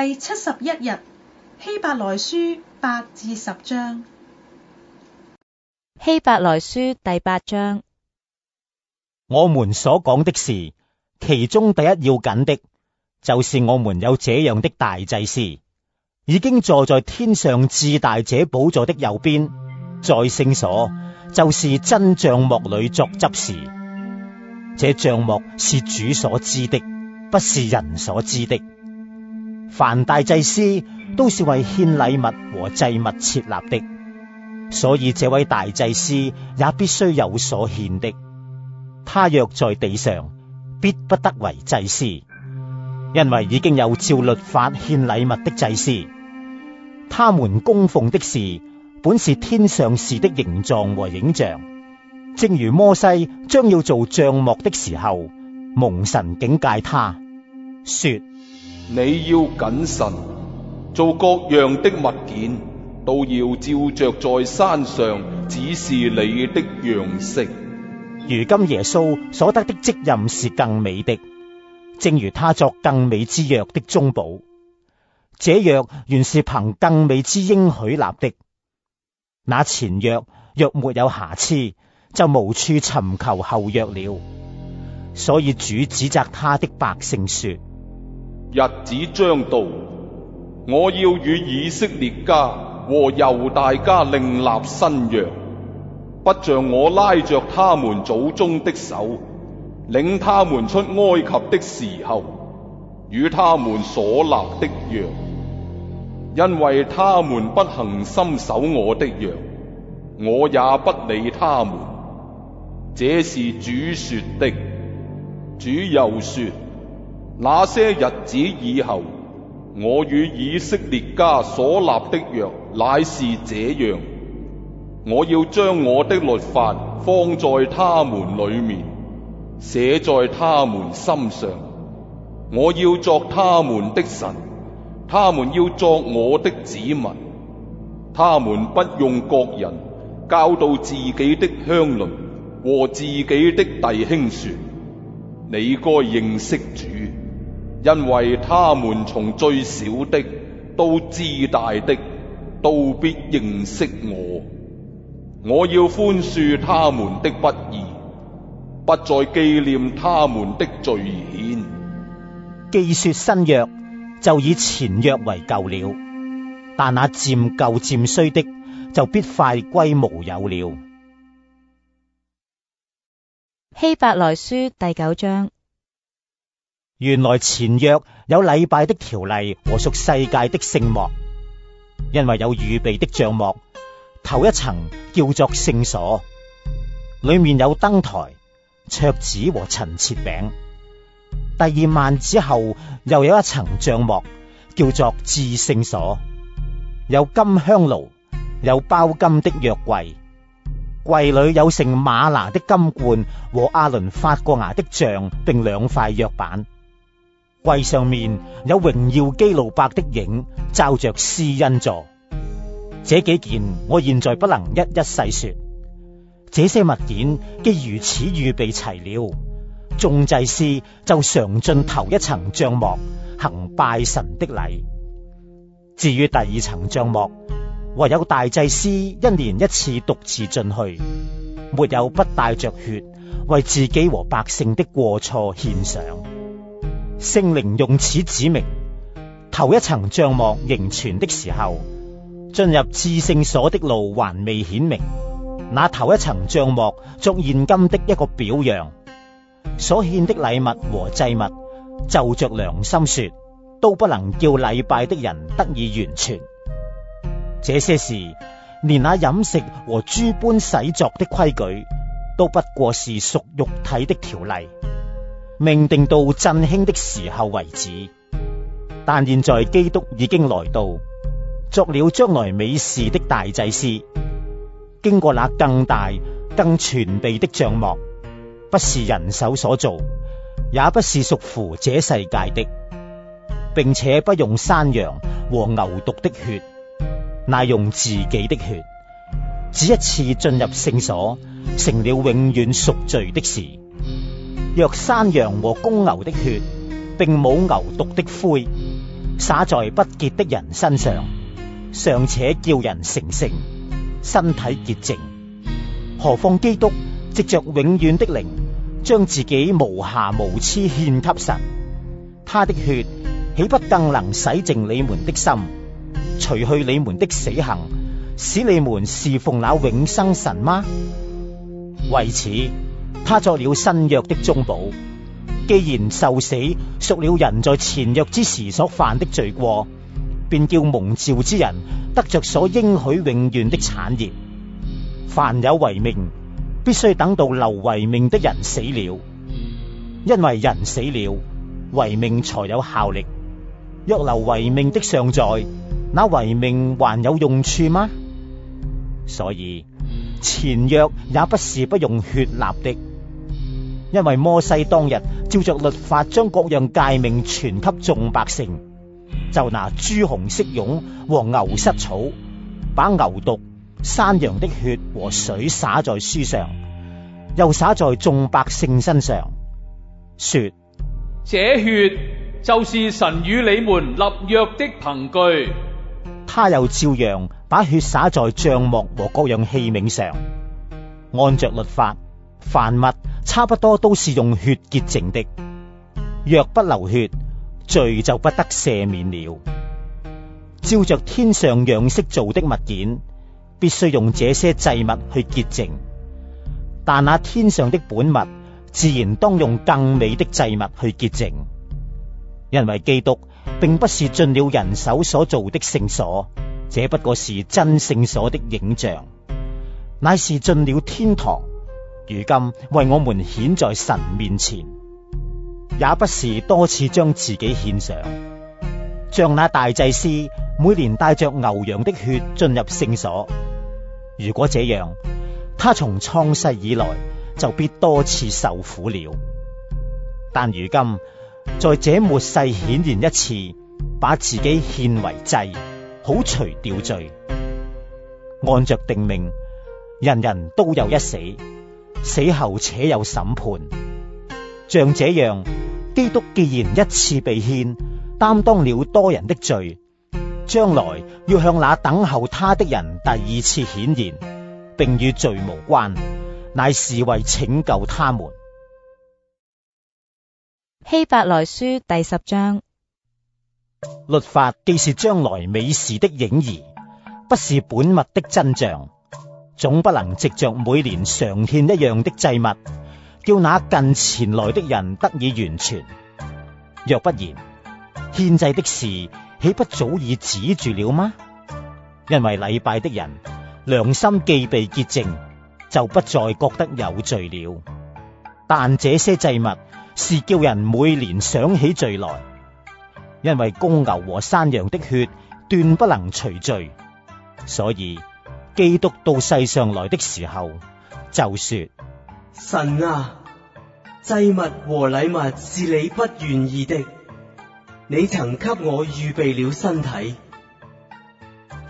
第七十一日希伯來書八至十章，希伯來書第八章，我們所講的事，其中第一要緊的，就是我們有這樣的大祭司，已經坐在天上至大者寶座的右邊，在聖所，就是真帳幕裏作執事。這帳幕是主所知的，不是人所知的。凡大祭司都是為獻禮物和祭物設立的，所以這位大祭司也必須有所獻的。他若在地上，必不得為祭司，因為已經有照律法獻禮物的祭司。他們供奉的事，本是天上事的形狀和影像。正如摩西將要做帳幕的時候，蒙神警戒他說。你要謹慎，做各樣的物件都要照着在山上指示你的樣式。如今耶穌所得的職任是更美的，正如他作更美之約的中保。這約原是憑更美之應許立的，那前約若，若沒有瑕疵，就無處尋求後約了。所以主指責他的百姓說。日子將到，我要與以色列家和猶大家另立新約，不像我拉着他們祖宗的手，領他們出埃及的時候，與他們所立的約，因為他們不恆心守我的約，我也不理他們。這是主說的，主又說。那些日子以後，我與以色列家所立的約乃是這樣：我要將我的律法放在他們裏面，寫在他們心上。我要作他們的神，他們要作我的子民。他們不用各人教導自己的鄉鄰和自己的弟兄說：你該認識主。因為他們從最小的到至大的都必認識我，我要寬恕他們的不義，不再紀念他們的罪愆。既說新約，就以前約為舊了；但那漸舊漸衰的，就必快歸無有了。希伯來書第九章。原來前約有禮拜的條例和屬世界的聖幕，因為有預備的帳幕，頭一層叫做聖所，裏面有燈台、桌子和陳設餅。第二幔子之後又有一層帳幕，叫做至聖所，有金香爐，有包金的藥櫃，櫃裏有盛馬拿的金罐和阿倫發過芽的杖，並兩塊藥板。櫃上面有榮耀基路伯的影，罩着施恩座。這幾件我現在不能一一細說。這些物件既如此預備齊了，眾祭司就常進頭一層帳幕，行拜神的禮。至於第二層帳幕，唯有大祭司一年一次獨自進去，沒有不帶着血，為自己和百姓的過錯獻上。聖靈用此指明，頭一層帳幕仍存的時候，進入至聖所的路還未顯明。那頭一層帳幕作現今的一個表樣，所獻的禮物和祭物，就着良心說，都不能叫禮拜的人得以完全。這些事，連那飲食和諸般洗濯的規矩，都不過是屬肉體的條例。命定到振興的時候為止，但現在基督已經來到，作了將來美事的大祭司，經過那更大更全備的帳幕，不是人手所造，也不是屬乎這世界的，並且不用山羊和牛犢的血，乃用自己的血，只一次進入聖所，成了永遠贖罪的事。若山羊和公牛的血，並母牛犢的灰，撒在不潔的人身上，尚且叫人成聖、身體潔淨，何況基督藉着永遠的靈，將自己無瑕無疵獻給神，他的血豈不更能洗淨你們的心，除去你們的死行，使你們侍奉那永生神嗎？為此。他作了新約的中保，既然受死贖了人在前約之時所犯的罪過，便叫蒙召之人得着所應許永遠的產業。凡有遺命，必須等到留遺命的人死了，因為人死了，遺命才有效力。若留遺命的尚在，那遺命還有用處嗎？所以。前約也不是不用血立的，因為摩西當日照着律法將各樣誡命傳給眾百姓，就拿朱紅色絨和牛膝草，把牛犢、山羊的血和水灑在書上，又灑在眾百姓身上，說：這血就是神與你們立約的憑據。他又照樣。把血灑在帳幕和各樣器皿上，按着律法，凡物差不多都是用血潔淨的。若不流血，罪就不得赦免了。照着天上樣式做的物件，必須用這些祭物去潔淨。但那天上的本物，自然當用更美的祭物去潔淨，因為基督並不是進了人手所造的聖所。這不過是真聖所的影像，乃是進了天堂，如今為我們顯在神面前，也不是多次將自己獻上，像那大祭司每年帶着牛羊的血進入聖所。如果這樣，他從創世以來就必多次受苦了。但如今在這末世，顯現一次把自己獻為祭。好除掉罪，按着定命，人人都有一死，死後且有審判。像這樣，基督既然一次被獻，擔當了多人的罪，將來要向那等候他的人第二次顯現，並與罪無關，乃是為拯救他們。希伯來書第十章。律法既是將來美事的影兒，不是本物的真像，總不能藉着每年常獻一樣的祭物，叫那近前來的人得以完全。若不然，獻祭的事豈不早已止住了嗎？因為禮拜的人良心既被潔淨，就不再覺得有罪了。但這些祭物是叫人每年想起罪來。因為公牛和山羊的血斷不能除罪，所以基督到世上來的時候就說：神啊，祭物和禮物是你不願意的，你曾給我預備了身體，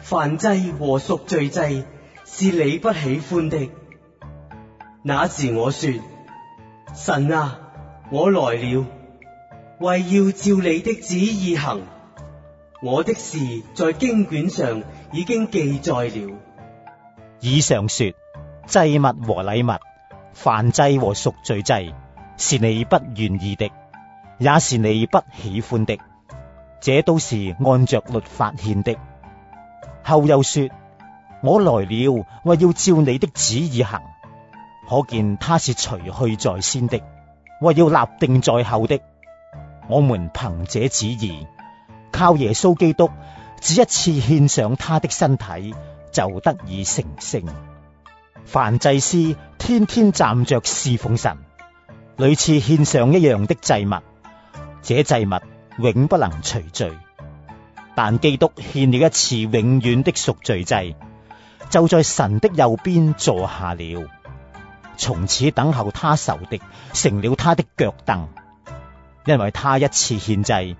燔祭和贖罪祭是你不喜歡的。那時我說：神啊，我來了。為要照你的旨意行，我的事在經卷上已經記載了。以上說，祭物和禮物、燔祭和贖罪祭，是你不願意的，也是你不喜歡的，這都是按着律法獻的。後又說，我來了，為要照你的旨意行，可見他是除去在先的，為要立定在後的。我們憑這旨意，靠耶穌基督只一次獻上他的身體，就得以成聖。凡祭司天天站着侍奉神，屢次獻上一樣的祭物，這祭物永不能除罪。但基督獻了一次永遠的贖罪祭，就在神的右邊坐下了，從此等候他仇敵，成了他的腳凳。因為他一次獻祭，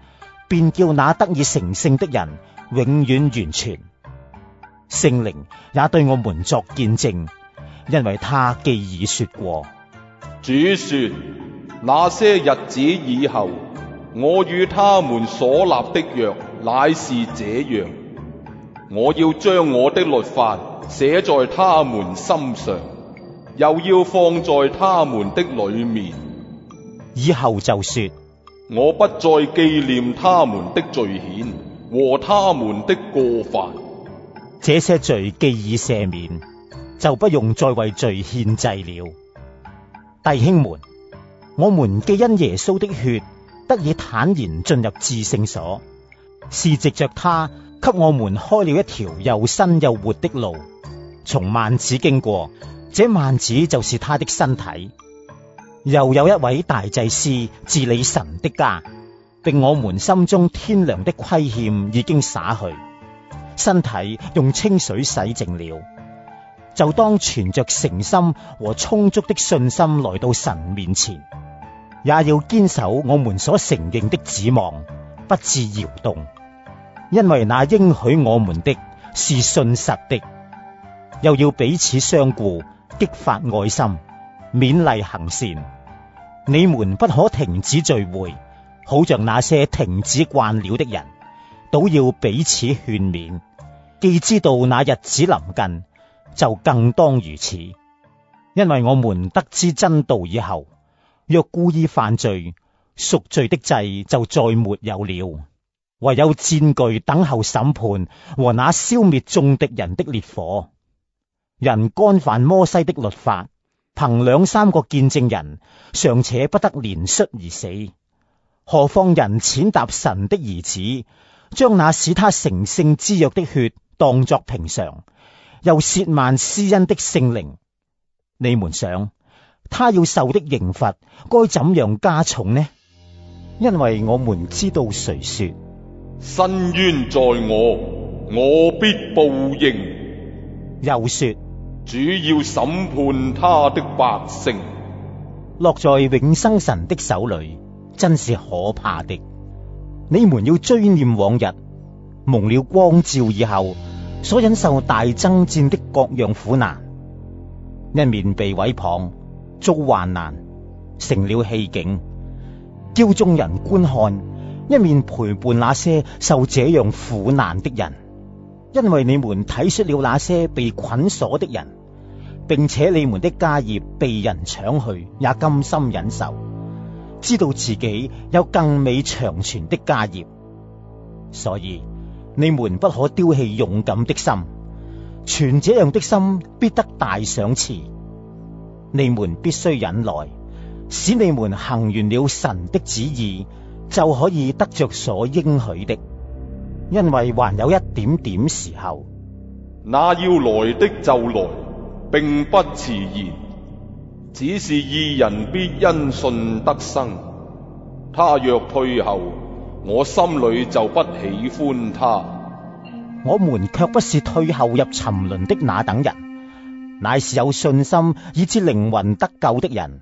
便叫那得以成聖的人永遠完全。聖靈也對我們作見證，因為他既已說過：主說，那些日子以後，我與他們所立的約乃是這樣：我要將我的律法寫在他們心上，又要放在他們的裏面。以後就說：我不再紀念他們的罪愆和他們的過犯，這些罪既已赦免，就不用再為罪獻祭了。弟兄們，我們既因耶穌的血得以坦然進入至聖所，是藉着他給我們開了一條又新又活的路，從幔子經過。這幔子就是他的身體。又有一位大祭司治理神的家，並我們心中天良的虧欠已經灑去，身體用清水洗淨了，就當存着誠心和充足的信心來到神面前，也要堅守我們所承認的指望，不至搖動，因為那應許我們的是信實的。又要彼此相顧，激發愛心。勉勵行善，你們不可停止聚會，好像那些停止慣了的人，都要彼此勸勉。既知道那日子臨近，就更當如此。因為我們得知真道以後，若故意犯罪，贖罪的祭就再沒有了，唯有戰懼等候審判和那消滅眾敵人的烈火。人干犯摩西的律法。憑兩三個見證人，尚且不得憐恤而死，何況人踐踏神的兒子，將那使他成聖之約的血當作平常，又褻慢施恩的聖靈？你們想，他要受的刑罰該怎樣加重呢？因為我們知道誰說：伸冤在我，我必報應。又說。主要審判他的百姓。落在永生神的手裏，真是可怕的。你們要追念往日蒙了光照以後所忍受大爭戰的各樣苦難，一面被毀謗、遭患難，成了戲景，叫眾人觀看；一面陪伴那些受這樣苦難的人，因為你們體恤了那些被捆鎖的人。並且你們的家業被人搶去，也甘心忍受，知道自己有更美長存的家業，所以你們不可丟棄勇敢的心，存這樣的心，必得大賞賜。你們必須忍耐，使你們行完了神的旨意，就可以得着所應許的。因為還有一點點時候，那要來的就來。並不遲延，只是義人必因信得生。他若退後，我心裏就不喜歡他。我們却不是退後入沉淪的那等人，乃是有信心以致靈魂得救的人。